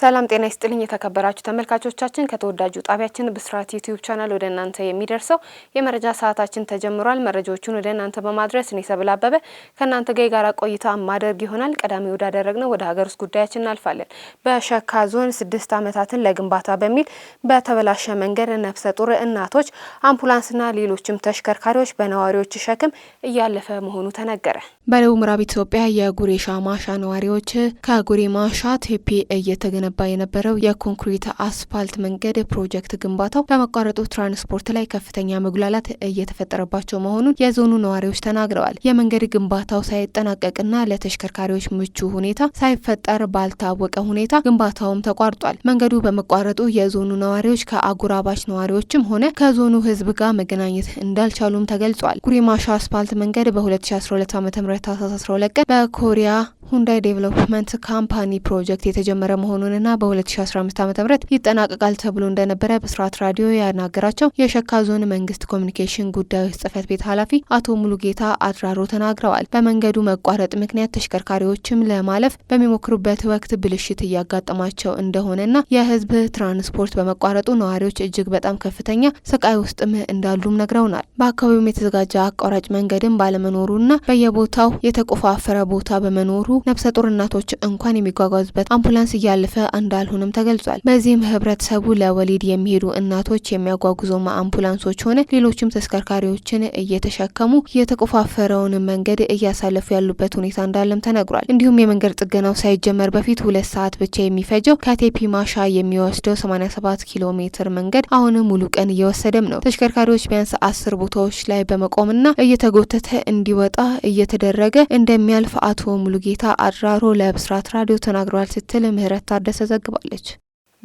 ሰላም ጤና ይስጥልኝ የተከበራችሁ ተመልካቾቻችን፣ ከተወዳጁ ጣቢያችን ብስራት ዩቲዩብ ቻናል ወደ እናንተ የሚደርሰው የመረጃ ሰዓታችን ተጀምሯል። መረጃዎቹን ወደ እናንተ በማድረስ እኔ ሰብል አበበ ከእናንተ ጋር የጋራ ቆይታ ማደርግ ይሆናል። ቀዳሚ ወዳደረግነው ወደ ሀገር ውስጥ ጉዳያችን እናልፋለን። በሸካ ዞን ስድስት ዓመታትን ለግንባታ በሚል በተበላሸ መንገድ ነፍሰ ጡር እናቶች፣ አምቡላንስና ሌሎችም ተሽከርካሪዎች በነዋሪዎች ሸክም እያለፈ መሆኑ ተነገረ። በደቡብ ምዕራብ ኢትዮጵያ የጉሬ ሻማሻ ነዋሪዎች ከጉሬ ማሻ ቴፒ እየተገነ ሲገነባ የነበረው የኮንክሪት አስፋልት መንገድ ፕሮጀክት ግንባታው በመቋረጡ ትራንስፖርት ላይ ከፍተኛ መጉላላት እየተፈጠረባቸው መሆኑን የዞኑ ነዋሪዎች ተናግረዋል። የመንገድ ግንባታው ሳይጠናቀቅና ለተሽከርካሪዎች ምቹ ሁኔታ ሳይፈጠር ባልታወቀ ሁኔታ ግንባታውም ተቋርጧል። መንገዱ በመቋረጡ የዞኑ ነዋሪዎች ከአጉራባች ነዋሪዎችም ሆነ ከዞኑ ሕዝብ ጋር መገናኘት እንዳልቻሉም ተገልጿል። ጉሪማሻ አስፋልት መንገድ በ2012 ዓ ም ታህሳስ 12 ቀን በኮሪያ ሁንዳይ ዴቨሎፕመንት ካምፓኒ ፕሮጀክት የተጀመረ መሆኑንና በ2015 ዓ ም ይጠናቀቃል ተብሎ እንደነበረ ብስራት ራዲዮ ያናገራቸው የሸካ ዞን መንግስት ኮሚኒኬሽን ጉዳዮች ጽህፈት ቤት ኃላፊ አቶ ሙሉጌታ አድራሮ ተናግረዋል። በመንገዱ መቋረጥ ምክንያት ተሽከርካሪዎችም ለማለፍ በሚሞክሩበት ወቅት ብልሽት እያጋጠማቸው እንደሆነና የህዝብ ትራንስፖርት በመቋረጡ ነዋሪዎች እጅግ በጣም ከፍተኛ ስቃይ ውስጥም እንዳሉም ነግረውናል። በአካባቢውም የተዘጋጀ አቋራጭ መንገድም ባለመኖሩና በየቦታው የተቆፋፈረ ቦታ በመኖሩ ነብሰ ጡር እናቶች እንኳን የሚጓጓዙበት አምቡላንስ እያለፈ እንዳልሆነም ተገልጿል። በዚህም ህብረተሰቡ ለወሊድ የሚሄዱ እናቶች የሚያጓጉዙ አምቡላንሶች ሆነ ሌሎችም ተሽከርካሪዎችን እየተሸከሙ የተቆፋፈረውን መንገድ እያሳለፉ ያሉበት ሁኔታ እንዳለም ተነግሯል። እንዲሁም የመንገድ ጥገናው ሳይጀመር በፊት ሁለት ሰዓት ብቻ የሚፈጀው ከቴፒ ማሻ የሚወስደው 87 ኪሎ ሜትር መንገድ አሁንም ሙሉ ቀን እየወሰደም ነው። ተሽከርካሪዎች ቢያንስ አስር ቦታዎች ላይ በመቆምና እየተጎተተ እንዲወጣ እየተደረገ እንደሚያልፍ አቶ ሙሉጌታ አድራሮ ለብስራት ራዲዮ ተናግሯል ስትል ምህረት ታደሰ ዘግባለች።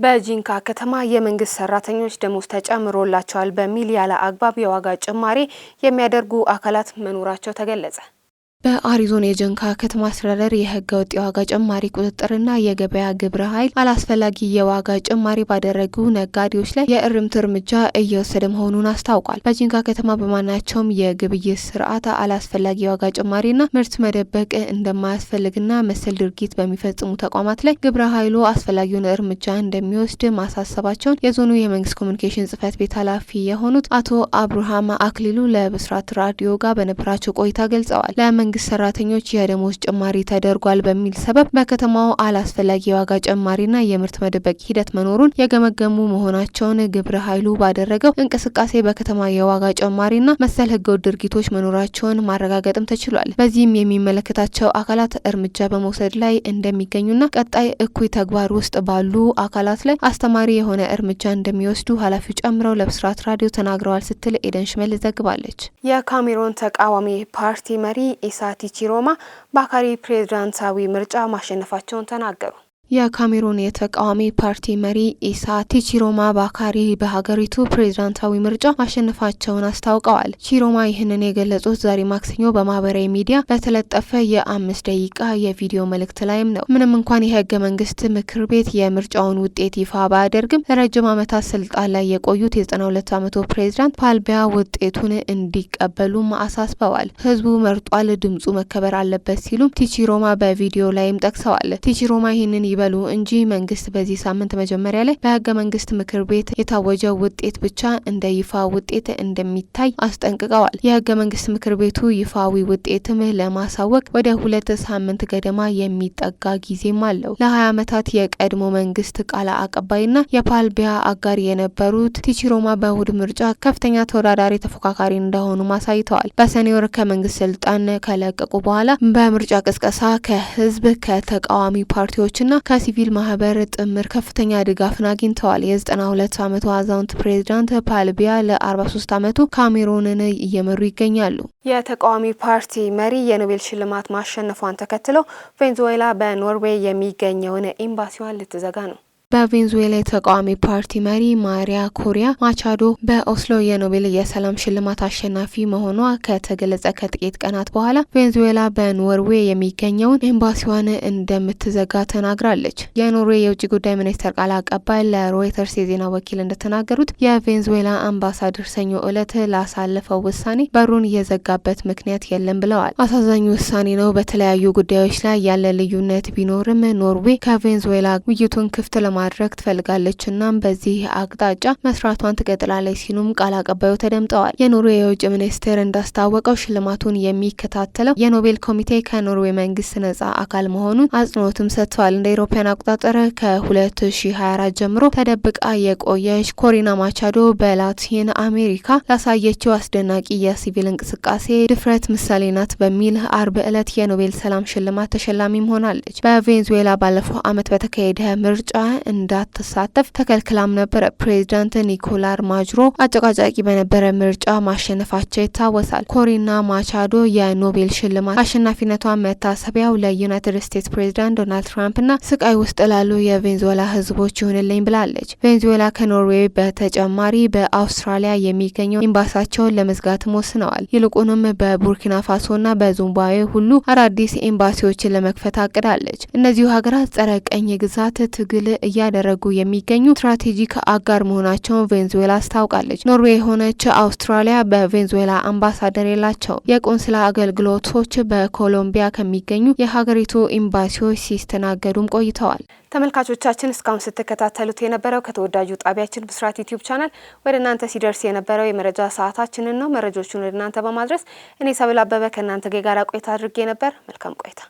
በጂንካ ከተማ የመንግስት ሰራተኞች ደሞዝ ተጨምሮላቸዋል በሚል ያለ አግባብ የዋጋ ጭማሪ የሚያደርጉ አካላት መኖራቸው ተገለጸ። በአሪዞና የጀንካ ከተማ አስተዳደር የህገ ወጥ የዋጋ ጭማሪ ቁጥጥርና የገበያ ግብረ ኃይል አላስፈላጊ የዋጋ ጭማሪ ባደረጉ ነጋዴዎች ላይ የእርምት እርምጃ እየወሰደ መሆኑን አስታውቋል። በጀንካ ከተማ በማናቸውም የግብይት ስርዓት አላስፈላጊ የዋጋ ጭማሪና ምርት መደበቅ እንደማያስፈልግና መሰል ድርጊት በሚፈጽሙ ተቋማት ላይ ግብረ ኃይሉ አስፈላጊውን እርምጃ እንደሚወስድ ማሳሰባቸውን የዞኑ የመንግስት ኮሚኒኬሽን ጽህፈት ቤት ኃላፊ የሆኑት አቶ አብርሃም አክሊሉ ለብስራት ራዲዮ ጋር በነበራቸው ቆይታ ገልጸዋል። የመንግስት ሰራተኞች የደሞዝ ጭማሪ ተደርጓል በሚል ሰበብ በከተማው አላስፈላጊ የዋጋ ጭማሪና የምርት መደበቅ ሂደት መኖሩን የገመገሙ መሆናቸውን ግብረ ኃይሉ ባደረገው እንቅስቃሴ በከተማ የዋጋ ጭማሪና መሰል ህገወጥ ድርጊቶች መኖራቸውን ማረጋገጥም ተችሏል። በዚህም የሚመለከታቸው አካላት እርምጃ በመውሰድ ላይ እንደሚገኙና ቀጣይ እኩይ ተግባር ውስጥ ባሉ አካላት ላይ አስተማሪ የሆነ እርምጃ እንደሚወስዱ ኃላፊው ጨምረው ለብስራት ራዲዮ ተናግረዋል ስትል ኤደን ሽመል ዘግባለች። የካሜሮን ተቃዋሚ ፓርቲ መሪ ኢሳ ሮማ በአካሪ ፕሬዝዳንታዊ ምርጫ ማሸነፋቸውን ተናገሩ። የካሜሩን የተቃዋሚ ፓርቲ መሪ ኢሳ ቲቺሮማ ባካሪ በሀገሪቱ ፕሬዝዳንታዊ ምርጫ ማሸነፋቸውን አስታውቀዋል። ቺሮማ ይህንን የገለጹት ዛሬ ማክሰኞ በማህበራዊ ሚዲያ በተለጠፈ የአምስት ደቂቃ የቪዲዮ መልእክት ላይም ነው። ምንም እንኳን የህገ መንግስት ምክር ቤት የምርጫውን ውጤት ይፋ ባያደርግም ለረጅም ዓመታት ስልጣን ላይ የቆዩት የ ሁለት ዓመቱ ፕሬዝዳንት ፓልቢያ ውጤቱን እንዲቀበሉም አሳስበዋል። ህዝቡ መርጧል፣ ድምፁ መከበር አለበት ሲሉም ቲቺሮማ በቪዲዮ ላይም ጠቅሰዋል። ቲቺሮማ ይህንን ይበ ይበሉ እንጂ መንግስት በዚህ ሳምንት መጀመሪያ ላይ በህገ መንግስት ምክር ቤት የታወጀው ውጤት ብቻ እንደ ይፋ ውጤት እንደሚታይ አስጠንቅቀዋል። የህገ መንግስት ምክር ቤቱ ይፋዊ ውጤትም ለማሳወቅ ወደ ሁለት ሳምንት ገደማ የሚጠጋ ጊዜም አለው። ለሀያ ዓመታት የቀድሞ መንግስት ቃል አቀባይና የፓልቢያ አጋር የነበሩት ቲቺሮማ በእሁድ ምርጫ ከፍተኛ ተወዳዳሪ ተፎካካሪ እንደሆኑ አሳይተዋል። በሰኔ ወር ከመንግስት ስልጣን ከለቀቁ በኋላ በምርጫ ቅስቀሳ ከህዝብ ከተቃዋሚ ፓርቲዎችና ከሲቪል ማህበር ጥምር ከፍተኛ ድጋፍን አግኝተዋል። የ92 ዓመቱ አዛውንት ፕሬዚዳንት ፓልቢያ ለ43 ዓመቱ ካሜሮንን እየመሩ ይገኛሉ። የተቃዋሚ ፓርቲ መሪ የኖቤል ሽልማት ማሸነፏን ተከትሎ ቬንዙዌላ በኖርዌይ የሚገኘውን ኤምባሲዋን ልትዘጋ ነው። በቬንዙዌላ የተቃዋሚ ፓርቲ መሪ ማሪያ ኮሪያ ማቻዶ በኦስሎ የኖቤል የሰላም ሽልማት አሸናፊ መሆኗ ከተገለጸ ከጥቂት ቀናት በኋላ ቬንዙዌላ በኖርዌይ የሚገኘውን ኤምባሲዋን እንደምትዘጋ ተናግራለች። የኖርዌይ የውጭ ጉዳይ ሚኒስቴር ቃል አቀባይ ለሮይተርስ የዜና ወኪል እንደተናገሩት የቬንዙዌላ አምባሳደር ሰኞ ዕለት ላሳለፈው ውሳኔ በሩን የዘጋበት ምክንያት የለም ብለዋል። አሳዛኝ ውሳኔ ነው። በተለያዩ ጉዳዮች ላይ ያለ ልዩነት ቢኖርም ኖርዌይ ከቬንዙዌላ ውይይቱን ክፍት ለማ ማድረግ ትፈልጋለች። እናም በዚህ አቅጣጫ መስራቷን ትቀጥላለች ሲሉም ቃል አቀባዩ ተደምጠዋል። የኖርዌይ የውጭ ሚኒስቴር እንዳስታወቀው ሽልማቱን የሚከታተለው የኖቤል ኮሚቴ ከኖርዌ መንግስት ነጻ አካል መሆኑን አጽንኦትም ሰጥተዋል። እንደ አውሮፓውያን አቆጣጠር ከ2024 ጀምሮ ተደብቃ የቆየች ኮሪና ማቻዶ በላቲን አሜሪካ ላሳየችው አስደናቂ የሲቪል እንቅስቃሴ ድፍረት ምሳሌ ናት በሚል አርብ ዕለት የኖቤል ሰላም ሽልማት ተሸላሚም ሆናለች። በቬንዙዌላ ባለፈው ዓመት በተካሄደ ምርጫ እንዳትሳተፍ ተከልክላም ነበረ። ፕሬዚዳንት ኒኮላር ማጅሮ አጨቃጫቂ በነበረ ምርጫ ማሸነፋቸው ይታወሳል። ኮሪና ማቻዶ የኖቤል ሽልማት አሸናፊነቷ መታሰቢያው ለዩናይትድ ስቴትስ ፕሬዚዳንት ዶናልድ ትራምፕና ስቃይ ውስጥ ላሉ የቬንዙዌላ ህዝቦች ይሁንልኝ ብላለች። ቬንዙዌላ ከኖርዌይ በተጨማሪ በአውስትራሊያ የሚገኘው ኤምባሲያቸውን ለመዝጋትም ወስነዋል። ይልቁንም በቡርኪና ፋሶና በዙምባዌ ሁሉ አዳዲስ ኤምባሲዎችን ለመክፈት አቅዳለች። እነዚሁ ሀገራት ጸረ ቀኝ ግዛት ትግል እያ እያደረጉ የሚገኙ ስትራቴጂክ አጋር መሆናቸውን ቬንዙዌላ አስታውቃለች። ኖርዌይ የሆነች አውስትራሊያ በቬንዙዌላ አምባሳደር የላቸው። የቆንስላ አገልግሎቶች በኮሎምቢያ ከሚገኙ የሀገሪቱ ኤምባሲዎች ሲስተናገዱም ቆይተዋል። ተመልካቾቻችን እስካሁን ስትከታተሉት የነበረው ከተወዳጁ ጣቢያችን ብስራት ዩቲዩብ ቻናል ወደ እናንተ ሲደርስ የነበረው የመረጃ ሰዓታችንን ነው። መረጆቹን ወደ እናንተ በማድረስ እኔ ሰብል አበበ ከእናንተ ጋር ቆይታ አድርጌ ነበር። መልካም ቆይታ